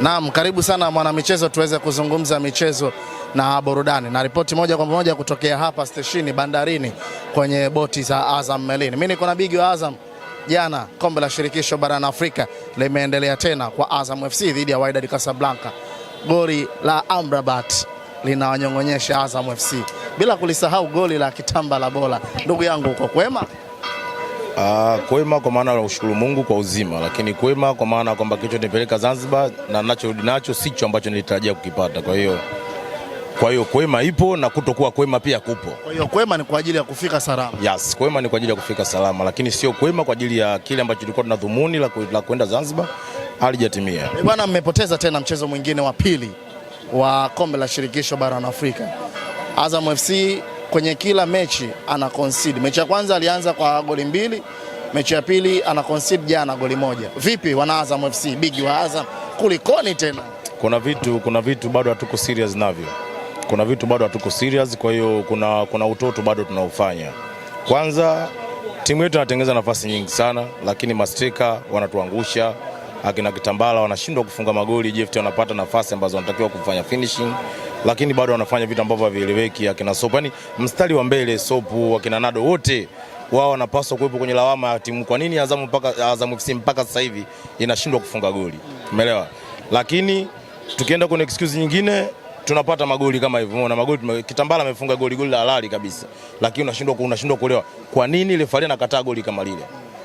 Naam, karibu sana mwanamichezo, tuweze kuzungumza michezo na burudani na ripoti moja kwa moja kutokea hapa steshini bandarini kwenye boti za Azam melini. Mimi niko na bigi wa Azam. Jana kombe la shirikisho barani Afrika limeendelea tena kwa Azam FC dhidi ya Wydad Casablanca. Goli la Amrabat linawanyong'onyesha Azam FC, bila kulisahau goli la kitamba la bola. Ndugu yangu, uko kwema? Uh, kwema kwa maana la ushukuru Mungu kwa uzima, lakini kwema kwa maana kwamba nipeleka Zanzibar na nachorudi nacho sicho ambacho nilitarajia kukipata. Kwa hiyo kwa hiyo kwema ipo na kutokuwa kwema pia kupo. Kwa hiyo kwema ni kwa ajili ya kufika salama. Yes, kwema ni kwa ajili ya kufika salama, lakini sio kwema kwa ajili ya kile ambacho tulikuwa tuna dhumuni la kwenda Zanzibar halijatimia. E eh, bwana, mmepoteza tena mchezo mwingine wa pili wa kombe la shirikisho barani Afrika. Azam FC kwenye kila mechi ana concede. Mechi ya kwanza alianza kwa goli mbili, mechi ya pili ana concede jana goli moja. Vipi wana Azam FC, bigi wa Azam, kulikoni tena? Kuna vitu, kuna vitu bado hatuko serious navyo, kuna vitu bado hatuko serious. Kwa hiyo kuna, kuna utoto bado tunaofanya. Kwanza timu yetu inatengeneza nafasi nyingi sana, lakini mastika wanatuangusha akina Kitambala wanashindwa kufunga magoli. JFT wanapata nafasi ambazo wanatakiwa kufanya finishing lakini bado wanafanya vitu ambavyo havieleweki. Akina Sopu, yani mstari wa mbele Sopu, akina Nado wote wao wanapaswa kuwepo kwenye lawama ya timu. Kwa nini Azamu mpaka Azamu FC mpaka sasa hivi inashindwa kufunga goli? Umeelewa? Lakini tukienda kwenye excuse nyingine tunapata magoli kama hivyo. Umeona magoli, Kitambala amefunga goli, goli la halali kabisa, lakini unashindwa unashindwa kuelewa kwa nini ile Faria anakataa goli kama lile.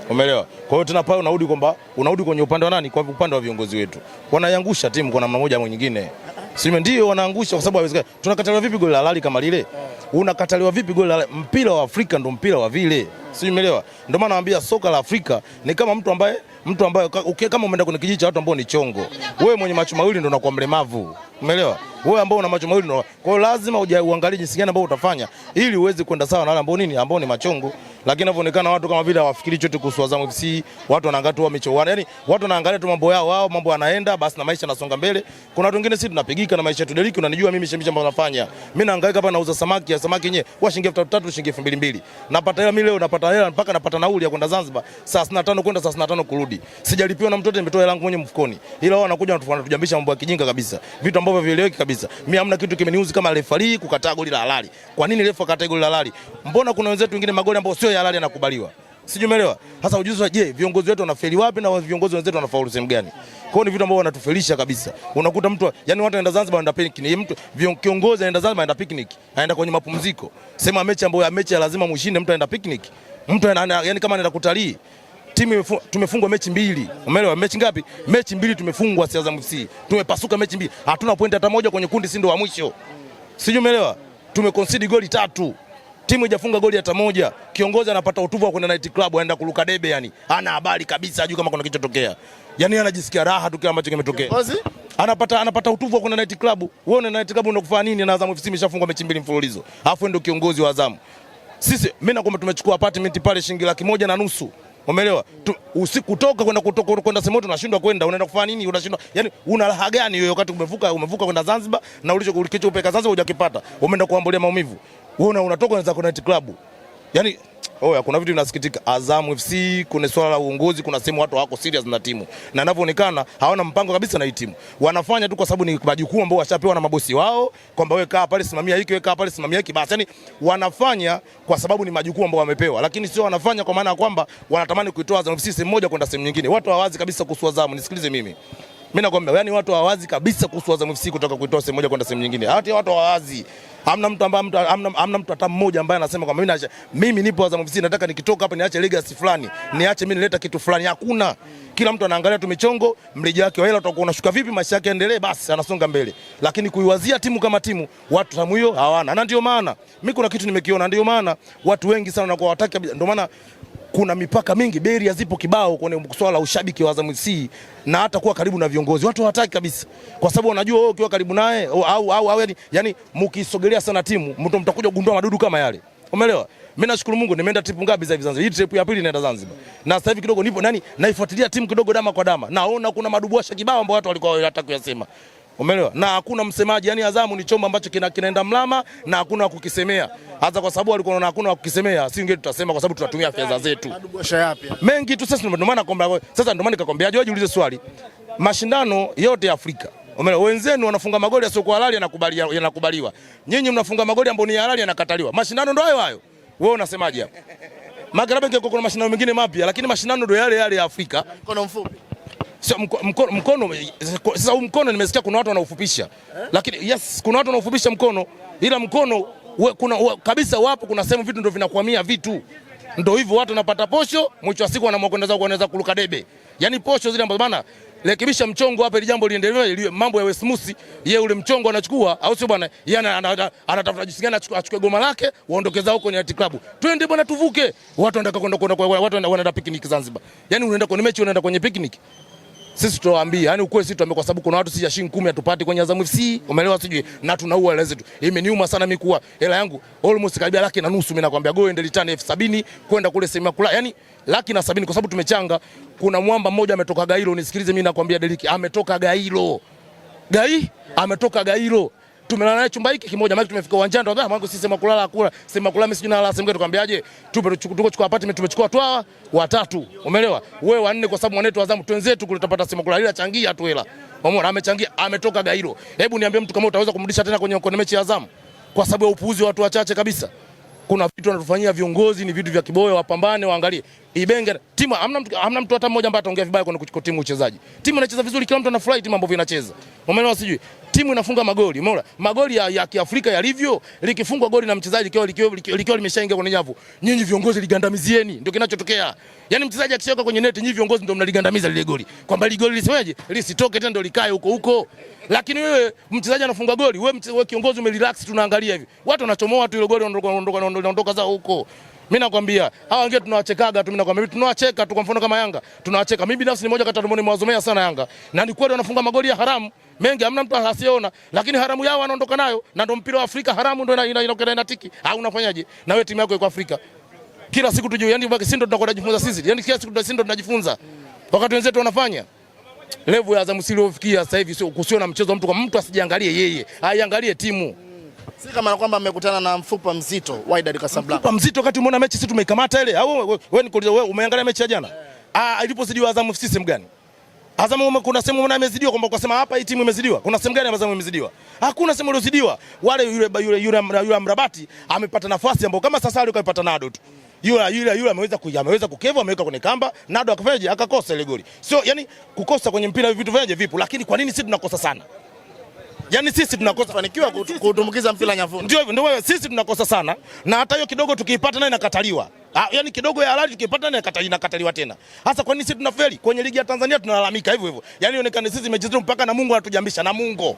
Umeelewa? Kwa hiyo tena pale unarudi kwamba unarudi kwenye upande wa nani? Kwa upande wa viongozi wetu Wanayangusha timu kwa namna moja au nyingine. Sema ndio wanaangusha kwa sababu hawezi. Tunakataliwa vipi goli la halali kama lile? Eh. Unakataliwa vipi goli la mpira wa Afrika ndo mpira wa vile. Sio umeelewa? Ndio maana naambia soka la Afrika ni kama mtu ambaye mtu ambaye okay, kama umeenda kwenye kijiji cha watu ambao ni chongo. Wewe mwenye macho mawili ndo unakuwa mlemavu. Umeelewa? Wewe ambao una macho mawili ndo. Kwa hiyo lazima uangalie jinsi gani ambao utafanya ili uweze kwenda sawa na wale ambao nini ambao ni machongo lakini inavyoonekana watu kama vile hawafikiri chochote kuhusu Azam FC, watu wanaangalia tu mechi wao, yani watu wanaangalia tu mambo yao wao, mambo yanaenda basi na maisha yanasonga mbele. Kuna watu wengine sisi tunapigika na maisha yetu. Deliki, unanijua mimi shembishi ambayo nafanya. Mimi naangaika hapa nauza samaki, ya samaki yenyewe kwa shilingi 3000 shilingi 2200. Napata hela mimi leo napata hela mpaka napata nauli ya kwenda Zanzibar saa 65 kwenda saa 65 kurudi. Sijalipiwa na mtoto, nimetoa hela yangu mwenyewe mfukoni. Ila wao wanakuja wanatujambisha mambo ya kijinga kabisa. Vitu ambavyo vieleweki kabisa. Mimi hamna kitu kimeniuzi kama refa kukataa goli la halali. Kwa nini refa akataa goli la halali? Mbona kuna wenzetu wengine magoli ambao sio ya halali yanakubaliwa. Sijui umeelewa. Sasa ujuzi wa je, viongozi wetu wanafeli wapi na viongozi wenzetu wanafaulu sehemu gani? Kwa hiyo ni vitu ambavyo wanatufelisha kabisa. Unakuta mtu yani watu wanaenda Zanzibar wanaenda picnic. Mtu viongozi anaenda Zanzibar anaenda picnic. Anaenda kwenye mapumziko. Sema mechi ambayo ya mechi ya lazima mushinde mtu anaenda picnic. Mtu anaenda yani kama anaenda kutalii. Timu tumefungwa mechi mbili. Umeelewa? Mechi ngapi? Mechi mbili tumefungwa si Azam FC. Tumepasuka mechi mbili. Hatuna pointi hata moja kwenye kundi si ndio wa mwisho. Sijui umeelewa. Tumeconcede goli tatu timu haijafunga goli hata moja, kiongozi anapata utuvu wa kwenda night club, aenda kuruka debe, yani ana habari kabisa, ajui kama kuna kilichotokea, yani anajisikia raha tu kile ambacho kimetokea. Anapata, anapata utuvu wa kwenda night club. Wewe una night club unakufanya nini? Na Azam FC imeshafungwa mechi mbili mfululizo, afu ndio kiongozi wa Azam. Sisi mimi nakwambia tumechukua apartment pale shilingi laki moja na nusu. Umeelewa? Usikutoka kwenda kutoka kwenda sehemu unashindwa kwenda, unaenda kufanya nini? Unashindwa. Yaani una raha gani wewe wakati umevuka umevuka kwenda Zanzibar na ulichokupeleka Zanzibar hujakipata. Umeenda kuambulia maumivu. Wewe unatoka unaanza kwenda club. Yaani Oya, oh, kuna vitu vinasikitika. Azam FC kuna swala la uongozi, kuna sehemu watu hawako serious na timu, na inavyoonekana hawana mpango kabisa na hii timu. Wanafanya tu kwa sababu ni majukumu ambayo washapewa na mabosi wao, kwamba wewe kaa pale simamia hiki, wewe kaa pale simamia hiki, basi. Yani wanafanya kwa sababu ni majukumu ambayo wamepewa, lakini sio wanafanya kwa maana ya kwamba wanatamani kuitoa Azam FC sehemu moja kwenda sehemu nyingine. Watu hawazi kabisa kuhusu Azam, nisikilize mimi. Mimi nakwambia, yani watu hawawazi kabisa kuhusu Azam FC kutoka kuitoa sehemu moja kwenda sehemu nyingine. Hata watu hawawazi. Hamna mtu ambaye hamna, hamna mtu hata mmoja ambaye anasema kwamba mimi naacha mimi nipo Azam FC nataka nikitoka hapa niache legacy fulani, niache mimi nileta kitu fulani. Hakuna. Kila mtu anaangalia tu michongo, mrija wake wa hela utakuwa unashuka vipi, maisha yake endelee basi, anasonga mbele. Lakini kuiwazia timu kama timu, watu tamu hiyo hawana. Na ndio maana mimi kuna kitu nimekiona, ndio maana watu wengi sana wanakuwa wataki, ndio maana kuna mipaka mingi, beria zipo kibao kwenye swala la ushabiki wa Azam FC na hata kuwa karibu na viongozi. Watu hawataki kabisa, kwa sababu wanajua wewe ukiwa karibu naye au, au, au yani, yani mkisogelea sana timu mtu mtakuja kugundua madudu kama yale, umeelewa? Mimi nashukuru Mungu, nimeenda trip ngapi za hivi Zanzibar? Hii trip ya pili naenda Zanzibar, na sasa hivi kidogo nipo nani, naifuatilia timu kidogo dama kwa dama, naona kuna madubwasha kibao ambao watu walikuwa wanataka kuyasema. Umeelewa? Na hakuna msemaji, yani Azamu ni chombo ambacho kina, kinaenda mlama na hakuna wa kukisemea. Hata kwa sababu alikuwa na hakuna wa kukisemea, si ngine tutasema kwa sababu tunatumia fedha zetu. Mengi tu sasa ndio maana nakwambia sasa ndio maana nikakwambia aje ujiulize swali. Mashindano yote ya Afrika. Umeelewa? Wenzenu wanafunga magoli yasiyo halali yanakubaliwa, yanakubaliwa. Nyinyi mnafunga magoli ambayo ni halali yanakataliwa. Mashindano ndio hayo hayo. Wewe unasemaje hapo? Maana labda kuna mashindano mengine mapya, lakini mashindano ndio yale yale ya Afrika. Mkono mfupi sio mkono, mkono. Sasa huu mkono nimesikia kuna watu wanaufupisha, lakini yes, kuna watu wanaufupisha mkono, ila mkono we, kuna we, kabisa wapo, kuna sehemu vitu ndio vinakwamia vitu ndio hivyo, watu wanapata posho, mwisho wa siku wanaamua kwenda zao kuanza debe, yani posho zile ambazo bana rekebisha mchongo hapa, ili jambo liendelee, ili mambo yawe smooth. Yeye ule mchongo anachukua, au sio bwana? Yeye anatafuta jinsi gani achukue goma lake, waondoke zao kwenye night club, twende bwana, tuvuke. Watu wanataka kwenda kwenda, watu wanaenda picnic Zanzibar, yani unaenda kwenye mechi, unaenda kwenye picnic sisi tunawaambia, yani ukweli sisi tuambie, kwa sababu kuna watu sija shilingi 10 hatupati kwenye Azam FC, umeelewa? Sijui na tunaua hela zetu. Imeniuma sana mimi kuwa hela yangu almost karibia laki na nusu, mimi nakwambia go and return elfu sabini kwenda kule sema kula, yani laki na sabini, kwa sababu tumechanga. Kuna mwamba mmoja ametoka Gairo, nisikilize mimi nakwambia, Deliki ametoka Gairo, Gai ametoka Gairo tumelala naye chumba hiki kimoja, maana tumefika uwanjani, tuambia mwanangu, sisi sema kulala kula, sema kula, mimi sijui nalala sema, tukambiaje, tupe tuko chukua apartment, tumechukua tu hawa watatu, umeelewa wewe, wanne, kwa sababu mwanetu Azamu twenzetu kule tutapata sema kulala, ila changia tu hela, umeona amechangia, ametoka Gairo. Hebu niambie mtu kama utaweza kumrudisha tena kwenye kwenye mechi ya Azamu kwa sababu ya upuuzi wa watu wachache kabisa. Kuna vitu wanatufanyia viongozi, ni vitu vya kiboyo, wapambane, waangalie. Ibenge timu hamna mtu, hamna mtu hata mmoja ambaye ataongea vibaya kwenye timu uchezaji. Timu inacheza vizuri, kila mtu anafurahi timu ambayo inacheza. Umeelewa sijui? timu inafunga magoli. Umeona? Magoli ya, ya Kiafrika yalivyo, likifungwa goli na mchezaji likiwa likiwa, likiwa limeshaingia kwenye nyavu. Nyinyi viongozi ligandamizieni, ndio kinachotokea. Yani mchezaji akishaweka kwenye neti, nyinyi viongozi ndio mnaligandamiza lile goli. Kwamba lile goli lisiweje? Lisitoke tena ndio likae huko huko. Lakini wewe mchezaji anafunga goli, wewe kiongozi umerelax tunaangalia hivi. Watu wanachomoa tu ile goli wanaondoka wanaondoka zao huko. Mimi nakwambia hawa wengine tunawachekaga tu, mimi nakwambia tunawacheka tu. Kwa mfano kama Yanga tunawacheka, mimi binafsi ni moja kati ya dhumuni mwazomea sana Yanga, na ni kweli wanafunga magoli ya haramu mengi, hamna mtu asiona, lakini haramu yao wanaondoka nayo, na ndio mpira wa Afrika. Haramu ndio inaokana ina, ina, ina, ina, tiki au unafanyaje na wewe timu yako iko Afrika kila siku tujue, yani baki sindo tunakwenda kujifunza sisi, yani kila siku tunasindo tunajifunza, wakati wenzetu wanafanya levu ya Azam City iliyofikia sasa hivi, sio kusio na mchezo mtu kwa mtu asijiangalie yeye, aiangalie timu Si kama na kwamba amekutana na mfupa mzito Wydad Casablanca. Mfupa mzito wakati umeona mechi sisi tumeikamata ile. Au wewe nikuuliza wewe umeangalia mechi ya jana? Ah, ilipozidiwa Azam FC sehemu gani? Azam kuna sehemu umeona imezidiwa kwamba kwa sema hapa hii timu imezidiwa. Kuna sehemu gani Azam imezidiwa? Hakuna sehemu iliyozidiwa. Wale yule yule yule, yule mrabati amepata nafasi ambayo kama sasa alikuwa nado tu. Yule yule yule ameweza kuja, ameweza kukevu, ameweka kwenye kamba, nado akafanyaje? Akakosa ile goli. Sio, yani kukosa kwenye mpira vitu vyaje vipo, lakini kwa nini sisi tunakosa sana? Yaani sisi tunakosa fanikiwa kutumbukiza mpira nyafuni. Ndio hivyo, ndio sisi tunakosa sana na hata hiyo kidogo tukiipata nayo inakataliwa. Ah, yaani kidogo ya halali tukiipata nayo inakataliwa tena. Hasa kwa nini sisi tunafeli? Kwenye ligi ya Tanzania tunalalamika hivyo hivyo. Yaani ionekane sisi mechi mpaka na Mungu anatujambisha na Mungu.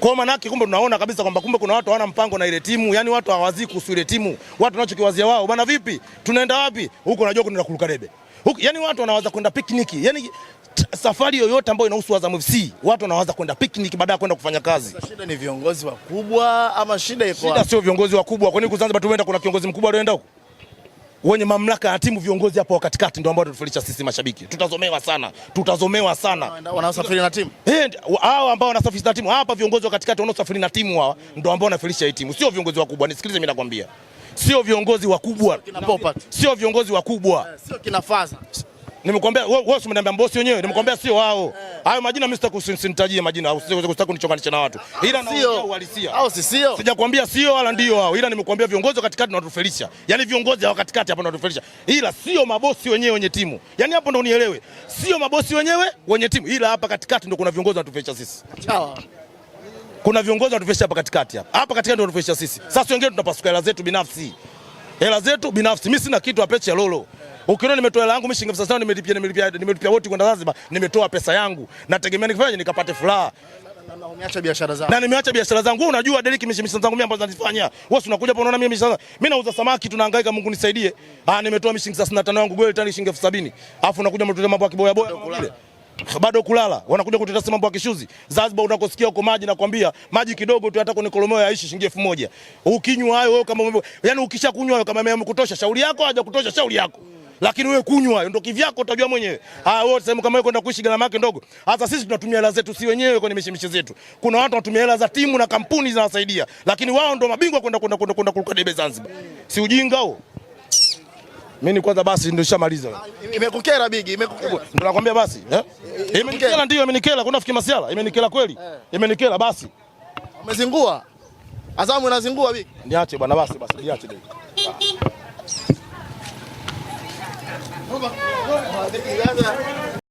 Kwa maana yake kumbe tunaona kabisa kwamba kumbe kuna watu hawana mpango na ile timu, yaani watu hawazii kuhusu ile timu. Watu wanachokiwazia wao, bana vipi? Tunaenda wapi? Huko unajua kuna kuluka debe. yaani watu wanawaza kwenda pikniki. Yaani safari yoyote ambayo inahusu Azam FC watu wanaanza kwenda picnic baada ya kwenda kufanya kazi. shida ni viongozi wakubwa ama shida iko wapi? Shida sio viongozi wakubwa. Kwa nini kuzanziba tumeenda kuna kiongozi mkubwa alienda huko? Wenye mamlaka ya timu viongozi hapo wakatikati ndio ambao tunafulisha sisi mashabiki. Tutazomewa sana. Tutazomewa sana. Wanaosafiri na timu. Eh, hao ambao wanasafiri na timu. Hapa viongozi wa katikati wanaosafiri na timu hawa ndio ambao wanafulisha hii timu. Sio viongozi wakubwa. Nisikilize mimi nakwambia. Sio viongozi wakubwa. Sio viongozi wakubwa. Eh, sio kina Faza. Nimekuambia wewe wewe usiniambia mbosi wenyewe, nimekuambia sio wao. Eh. Hayo majina mimi sitaku usinitajie majina, usitaki kunichonganisha na watu. Ah, Ila na naongea uhalisia. Au si sio? Sijakwambia sio wala ndio wao. Ila nimekuambia viongozi katikati na watufelisha. Yaani viongozi hao katikati hapa na watufelisha. Ila sio mabosi wenyewe wenye timu. Yaani hapo ndo unielewe. Sio mabosi wenyewe wenye timu. Ila hapa katikati ndo kuna viongozi watufelisha sisi. Sawa. Kuna viongozi watufelisha hapa katikati hapa. Hapa katikati ndo watufelisha sisi. Sasa wengine tunapasuka hela zetu binafsi. Hela zetu binafsi. Mimi sina kitu apeche ya lolo. Ukiona nimetoa hela yangu mimi shilingi 5000 nimelipia nimelipia nimelipia wote kwenda Zanzibar, nimetoa pesa yangu. Nategemea nikifanya nikapate furaha. Na umeacha biashara zangu. Na nimeacha biashara zangu. Wewe unajua Deriki mishamisa zangu mimi ambazo nazifanya. Wewe si unakuja hapo unaona mimi mishamisa. Mimi nauza samaki tunahangaika, Mungu nisaidie. Ah, nimetoa mimi shilingi 35 yangu goli tani shilingi 70. Alafu unakuja mtuleta mambo ya kiboya boya. Bado kulala. Wanakuja kutetea mambo ya kishuzi. Zanzibar unakosikia huko maji nakwambia, maji kidogo tu hata kwenye kolomeo yaishi shilingi 1000. Ukinywa hayo wewe kama yaani ukishakunywa hayo kama kutosha shauri yako haja kutosha shauri yako lakini wewe kunywa ndio kivyako, utajua mwenyewe. Haya, wewe sema kama wewe kwenda kuishi gharama yake ndogo. Hata sisi tunatumia hela zetu si wenyewe kwenye mishimishi zetu. Kuna watu wanatumia hela za timu na kampuni zinawasaidia, lakini wao ndio mabingwa kwenda kwenda kwenda kwenda kuruka debe Zanzibar. Si ujinga huo? Mimi ni kwanza basi ndio nishamaliza. Ah, imekukera bigi, imekukera. Ndio nakwambia basi, eh? Imenikera ndio imenikera, kuna fiki masiala, imenikera kweli. Eh. Imenikera basi. Umezingua. Azamu inazingua bigi. Niache bwana basi basi niache bigi. ¡Vamos!